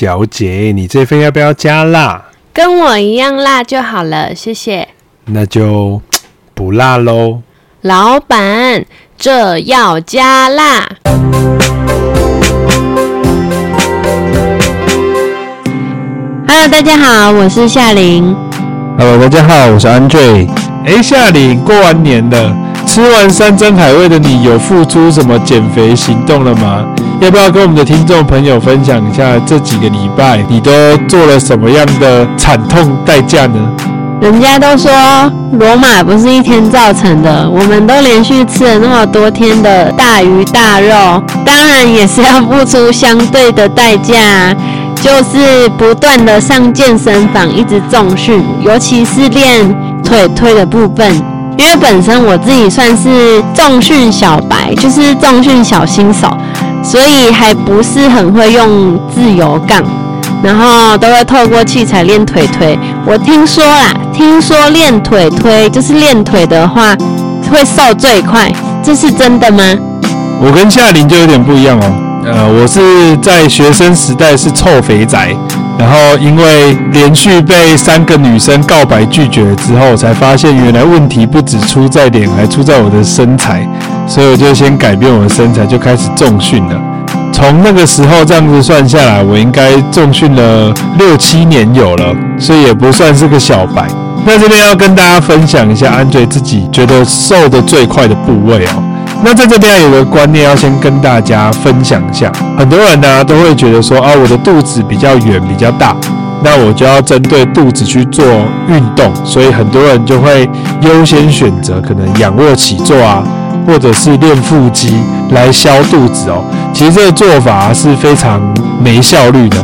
小姐，你這份要不要加辣？跟我一樣辣就好了，謝謝。那就不辣嘍。老闆，這要加辣。Hello，大家好，我是夏琳。Hello，大家好，我是 Andre。誒，夏琳，過完年了。吃完山珍海味的你，有付出什麼減肥行動了嗎？要不要跟我們的聽眾朋友分享一下，這幾個禮拜你都做了什麼樣的慘痛代價呢？人家都說羅馬不是一天造成的，我們都連續吃了那麼多天的大魚大肉，當然也是要付出相對的代價，就是不斷的上健身房，一直重訓，尤其是練腿推的部分。因為本身我自己算是重訓小白，就是重訓小新手，所以還不是很會用自由槓，然後都會透過器材練腿推。我聽說啦，聽說練腿推就是練腿的話會瘦最快，這是真的嗎？我跟夏琳就有點不一樣哦，呃，我是在學生時代是臭肥宅。然後，因為連續被三個女生告白拒絕之後，才發現原來問題不只出在臉，還出在我的身材，所以我就先改變我的身材，就開始重訓了。從那個時候這樣子算下來，我應該重訓了六七年有了，所以也不算是個小白。那這邊要跟大家分享一下，Andre 自己覺得瘦得最快的部位哦。那在這邊有個觀念要先跟大家分享一下。很多人呢，啊，都會覺得說啊，我的肚子比較圓比較大，那我就要針對肚子去做運動。所以很多人就會優先選擇可能仰臥起坐啊，或者是練腹肌來消肚子哦。其實這個做法啊，是非常沒效率的，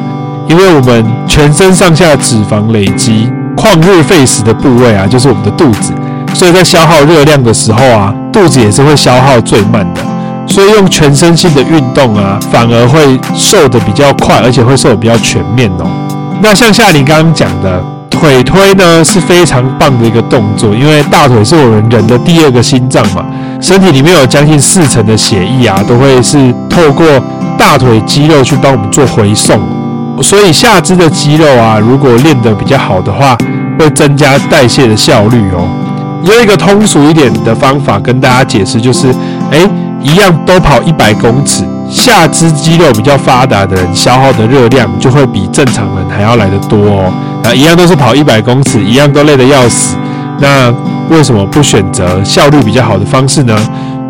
因為我們全身上下脂肪累積曠日費時的部位啊，就是我們的肚子。所以在消耗熱量的時候啊。肚子也是會消耗最慢的，所以用全身性的運動啊，反而會瘦得比較快，而且會瘦得比較全面哦。那像夏琳剛剛講的，腿推呢是非常棒的一個動作，因為大腿是我們人的第二個心臟嘛，身體裡面有將近四成的血液啊，都會是透過大腿肌肉去幫我們做回送，所以下肢的肌肉啊，如果練得比較好的話，會增加代謝的效率哦。用一個通俗一點的方法跟大家解釋，就是，誒、欸、一樣都跑一百公尺，下肢肌肉比較發達的人消耗的熱量就會比正常人還要來得多哦。啊，一樣都是跑一百公尺，一樣都累得要死，那為什麼不選擇效率比較好的方式呢？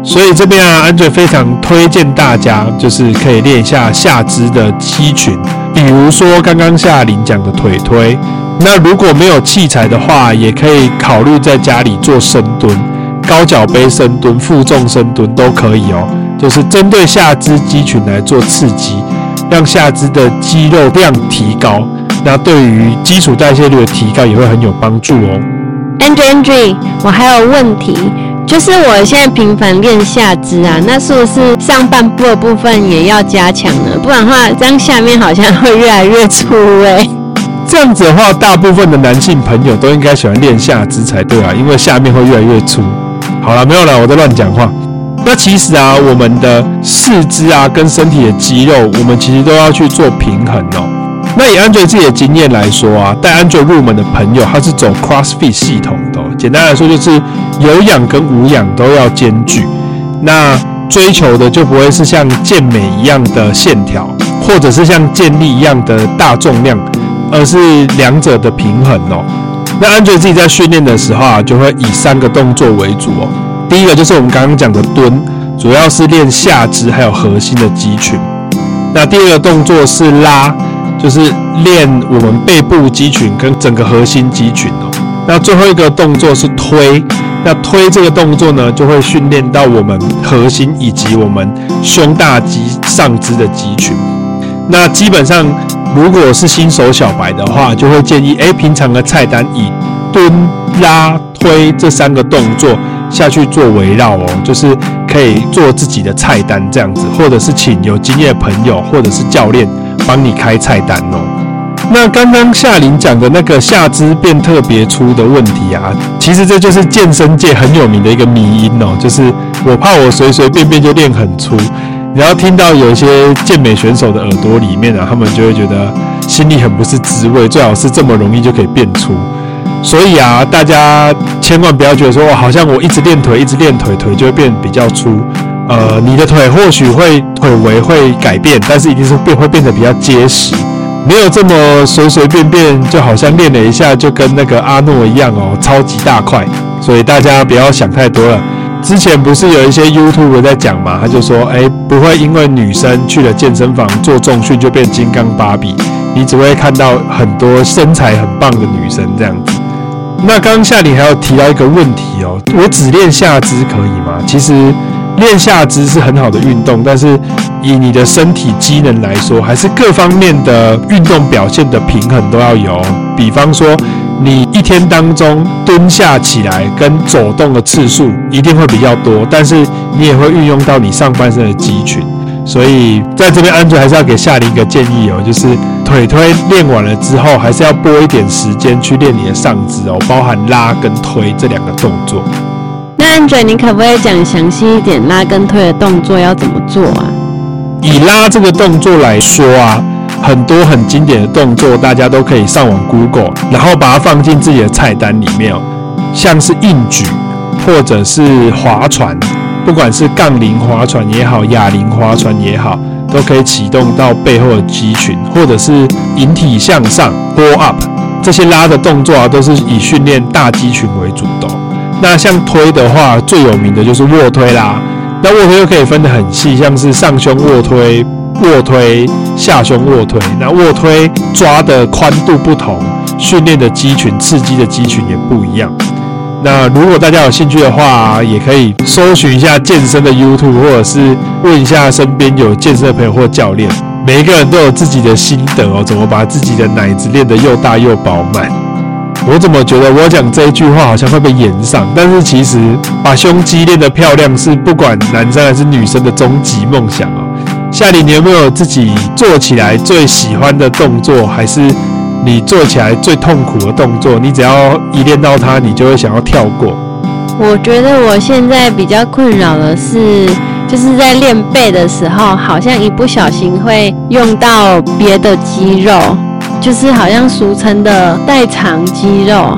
所以這邊啊，Andre 非常推薦大家，就是可以練一下下肢的肌群，比如說剛剛夏琳講的腿推。那如果沒有器材的話，也可以考慮在家裡做深蹲、高腳杯深蹲、負重深蹲都可以哦、喔。就是針對下肢肌群來做刺激，讓下肢的肌肉量提高。那對於基礎代謝率的提高也會很有幫助哦、喔。Andre, Andre, 我還有問題，就是我現在頻繁練下肢啊，那是不是上半部的部分也要加強呢？不然的話，這樣下面好像會越來越粗哎、欸。這樣子的話，大部分的男性朋友都應該喜歡練下肢才對啊，因為下面會越來越粗。好了，沒有了，我在亂講話。那其實啊，我們的四肢啊，跟身體的肌肉，我們其實都要去做平衡哦。那以 Andre 自己的經驗來說啊，帶 Andre 入門的朋友，他是走 CrossFit 系統的喔，簡單來說就是有氧跟無氧都要兼具。那追求的就不會是像健美一樣的線條，或者是像健力一樣的大重量。而是兩者的平衡哦。那 Andre 自己在訓練的時候啊，就會以三個動作為主哦。第一個就是我們剛剛講的蹲，主要是練下肢還有核心的肌群。那第二個動作是拉，就是練我們背部肌群跟整個核心肌群哦。那最後一個動作是推，那推這個動作呢，就會訓練到我們核心以及我們胸大肌上肢的肌群。那基本上。如果是新手小白的話，就會建議：誒、欸、平常的菜單以蹲、拉、推這三個動作下去做圍繞哦，就是可以做自己的菜單這樣子，或者是請有經驗的朋友或者是教練幫你開菜單哦。那剛剛夏琳講的那個下肢變特別粗的問題啊，其實這就是健身界很有名的一個迷因哦，就是我怕我隨隨便便就練很粗。你要聽到有一些健美選手的耳朵裡面啊，他們就會覺得心裡很不是滋味。最好是這麼容易就可以變粗，所以啊，大家千萬不要覺得說，好像我一直練腿，一直練腿，腿就會變比較粗。呃，你的腿或許會腿圍會改變，但是一定是會變會變得比較結實，沒有這麼隨隨便便，就好像練了一下就跟那個阿諾一樣哦，超級大塊。所以大家不要想太多了。之前不是有一些 YouTuber 在講嘛？他就說，哎、欸，不會因為女生去了健身房做重訓就變金剛芭比，你只會看到很多身材很棒的女生這樣子。那剛剛夏琳還有提到一個問題哦、喔，我只練下肢可以嗎？其實。練下肢是很好的運動，但是以你的身體機能來說，還是各方面的運動表現的平衡都要有。比方說，你一天當中蹲下起來跟走動的次數一定會比較多，但是你也會運用到你上半身的肌群。所以，在這邊 Andre 還是要給夏琳一個建議哦，就是腿推練完了之後，還是要撥一點時間去練你的上肢哦，包含拉跟推這兩個動作。蛋捲，你可不可以講詳細一點，拉跟推的動作要怎麼做啊？以拉這個動作來說啊，很多很經典的動作，大家都可以上網 Google，然後把它放進自己的菜單裡面哦、喔。像是硬舉，或者是划船，不管是槓鈴划船也好，啞鈴划船也好，都可以啟動到背後的肌群，或者是引體向上波 u Up） 這些拉的動作啊，都是以訓練大肌群為主的。那像推的話，最有名的就是臥推啦。那臥推又可以分得很細，像是上胸臥推、臥推、下胸臥推。那臥推抓的寬度不同，訓練的肌群、刺激的肌群也不一樣。那如果大家有興趣的話，也可以搜尋一下健身的 YouTube，或者是問一下身邊有健身的朋友或教練。每一個人都有自己的心得哦，怎麼把自己的奶子練得又大又飽滿。我怎麼覺得我講這一句話好像會被炎上？但是其實把胸肌練得漂亮是不管男生還是女生的終極夢想哦、啊。夏琳，你有沒有自己做起來最喜歡的動作，還是你做起來最痛苦的動作？你只要一練到它，你就會想要跳過。我覺得我現在比較困擾的是，就是在練背的時候，好像一不小心會用到別的肌肉。就是好像俗稱的代償肌肉，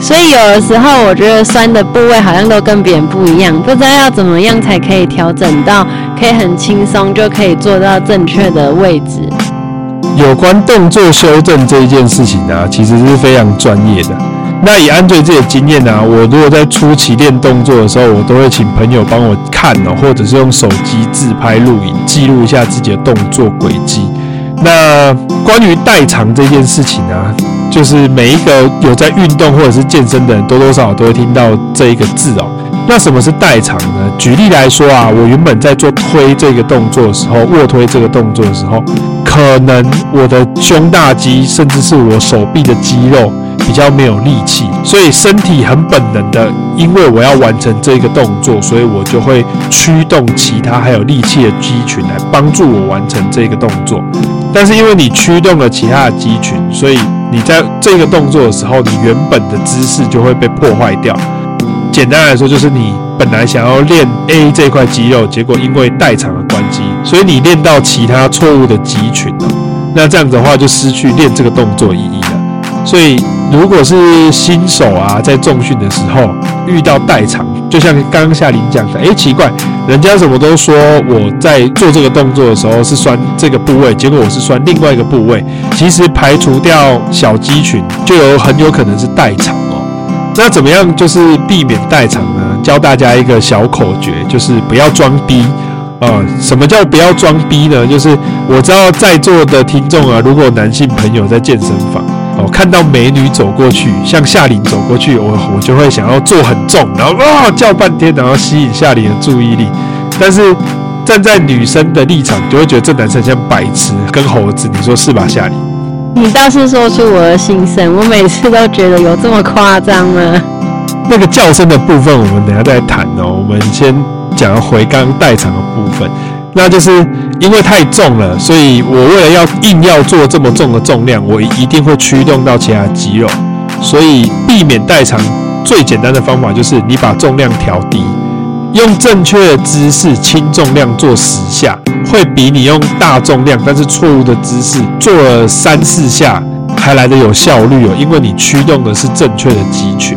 所以有的時候我覺得酸的部位好像都跟別人不一樣，不知道要怎麼樣才可以調整到，可以很輕鬆就可以做到正確的位置。有關動作修正這一件事情呢、啊，其實是非常專業的。那以 Andre 自己的經驗呢，我如果在初期練動作的時候，我都會請朋友幫我看哦、喔，或者是用手機自拍錄影，記錄一下自己的動作軌跡。那關於代償這件事情呢、啊，就是每一個有在運動或者是健身的人，多多少少都會聽到這一個字哦、喔。那什麼是代償呢？舉例來說啊，我原本在做推這個動作的時候，臥推這個動作的時候，可能我的胸大肌甚至是我手臂的肌肉比較沒有力氣，所以身體很本能的，因為我要完成這個動作，所以我就會驅動其他還有力氣的肌群來幫助我完成這個動作。但是因為你驅動了其他的肌群，所以你在這個動作的時候，你原本的姿勢就會被破壞掉。簡單來說，就是你本來想要練 A 這塊肌肉，結果因為代償了關機，所以你練到其他錯誤的肌群了、啊。那這樣子的話，就失去練這個動作意義了。所以。如果是新手啊，在重訓的時候遇到代償，就像剛剛夏琳講的，誒，奇怪，人家什麼都說我在做這個動作的時候是酸這個部位，結果我是酸另外一個部位。其實排除掉小肌群，就有很有可能是代償哦。那怎麼樣就是避免代償呢？教大家一個小口訣，就是不要裝逼。呃，什麼叫不要裝逼呢？就是我知道在座的聽眾啊，如果男性朋友在健身。哦，看到美女走過去，像夏琳走過去，我我就會想要做很重，然後哇叫半天，然後吸引夏琳的注意力。但是站在女生的立場，就會覺得這男生像白痴跟猴子，你說是吧？夏琳，你倒是說出我的心聲，我每次都覺得有這麼誇張嗎？那個叫聲的部分，我們等下再談哦。我們先講回剛剛代償的部分，那就是。因為太重了，所以我為了要硬要做這麼重的重量，我一定會驅動到其他肌肉，所以避免代償最簡單的方法就是你把重量調低，用正確的姿勢輕重量做十下，會比你用大重量但是錯誤的姿勢做了三四下還來得有效率哦，因為你驅動的是正確的肌群。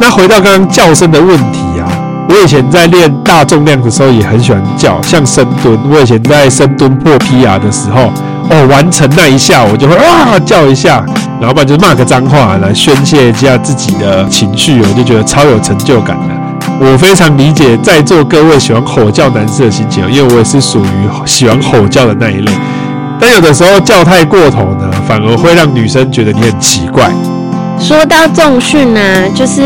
那回到剛剛叫聲的問題。我以前在練大重量的時候，也很喜歡叫，像深蹲。我以前在深蹲破 PR 的時候，哦，完成那一下，我就會哇、啊、叫一下，然後把就罵個髒話來宣洩一下自己的情緒，我就覺得超有成就感的。我非常理解在座各位喜歡吼叫男士的心情，因為我也是屬於喜歡吼叫的那一類。但有的時候叫太過頭呢，反而會讓女生覺得你很奇怪。說到重訓啊，就是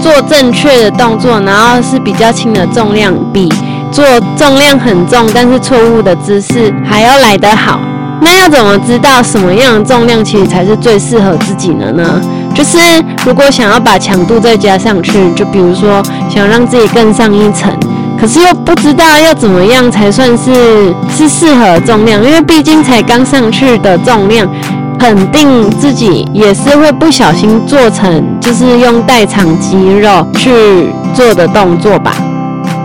做正確的動作，然後是比較輕的重量，比做重量很重但是錯誤的姿勢還要來得好。那要怎麼知道什麼樣的重量其實才是最適合自己的呢？就是如果想要把強度再加上去，就比如說想讓自己更上一層，可是又不知道要怎麼樣才算是是適合重量，因為畢竟才剛上去的重量。肯定自己也是會不小心做成，就是用代償肌肉去做的動作吧。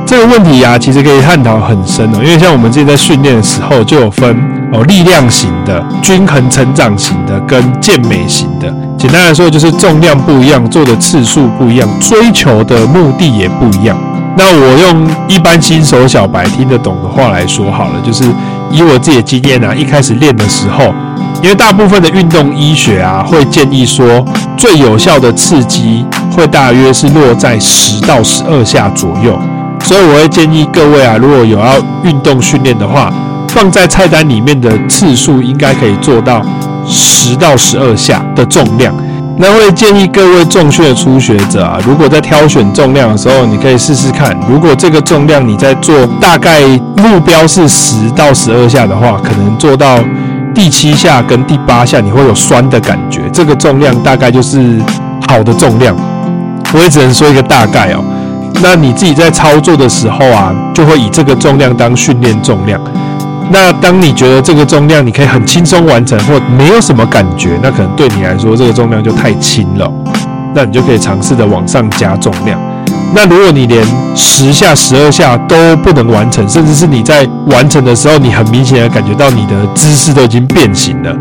這個問題啊，其實可以探討很深哦。因為像我們之前在訓練的時候，就有分哦，力量型的、均衡成長型的跟健美型的。簡單來說，就是重量不一樣，做的次數不一樣，追求的目的也不一樣。那我用一般新手小白聽得懂的話來說好了，就是以我自己的經驗啊，一開始練的時候。因為大部分的運動醫學啊，會建議說最有效的刺激會大約是落在十到十二下左右，所以我會建議各位啊，如果有要運動訓練的話，放在菜單裡面的次數應該可以做到十到十二下的重量。那會建議各位重訓初學者啊，如果在挑選重量的時候，你可以試試看，如果這個重量你在做，大概目標是十到十二下的話，可能做到。第七下跟第八下你會有酸的感覺，這個重量大概就是好的重量，我也只能說一個大概哦喔。那你自己在操作的時候啊，就會以這個重量當訓練重量。那當你覺得這個重量你可以很輕鬆完成或沒有什麼感覺，那可能對你來說這個重量就太輕了喔，那你就可以嘗試着往上加重量。那如果你連十下、十二下都不能完成，甚至是你在完成的時候，你很明顯的感覺到你的姿勢都已經變形了，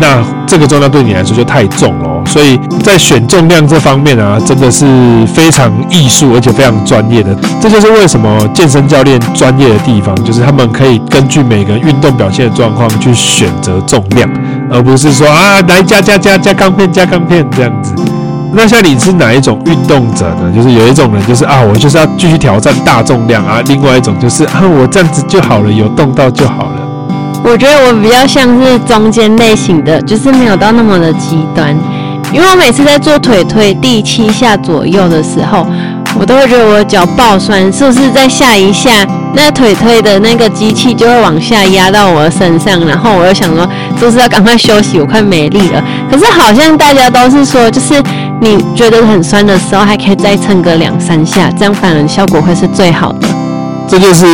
那這個重量對你來說就太重哦。所以在選重量這方面啊，真的是非常藝術，而且非常專業的。這就是為什麼健身教練專業的地方，就是他們可以根據每個運動表現的狀況去選擇重量，而不是說啊，來加加加加鋼片加鋼片這樣子。那像你是哪一種運動者呢？就是有一種人，就是啊，我就是要繼續挑戰大重量啊；另外一種就是啊，我這樣子就好了，有動到就好了。我覺得我比較像是中間類型的，就是沒有到那麼的極端。因為我每次在做腿推第七下左右的時候，我都會覺得我腳爆酸，是不是再下一下，那腿推的那個機器就會往下壓到我的身上，然後我就想說是不是要趕快休息，我快沒力了。可是好像大家都是說就是。你覺得很酸的時候，還可以再蹭個兩三下，這樣反而效果會是最好的。這就是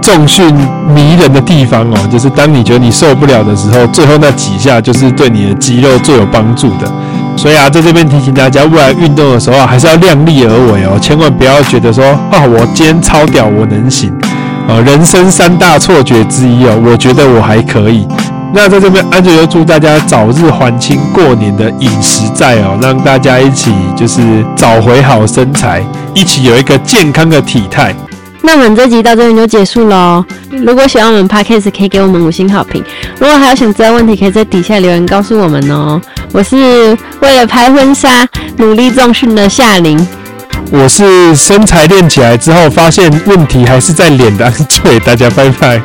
重訓迷人的地方哦，就是當你覺得你受不了的時候，最後那幾下就是對你的肌肉最有幫助的。所以啊，在這邊提醒大家，未來運動的時候啊，還是要量力而為哦，千萬不要覺得說啊，我今天超屌，我能行啊，人生三大錯覺之一哦，我覺得我還可以。那在這邊，Andre 就祝大家早日還清過年的飲食債哦，讓大家一起就是找回好身材，一起有一個健康的體態。那我們這集到這邊就結束嘍。如果喜歡我們 Podcast，可以給我們五星好評。如果還有選擇的問題，可以在底下留言告訴我們哦。我是為了拍婚紗努力重訓的夏琳，我是身材練起來之後發現問題還是在臉的 Andre，大家拜拜。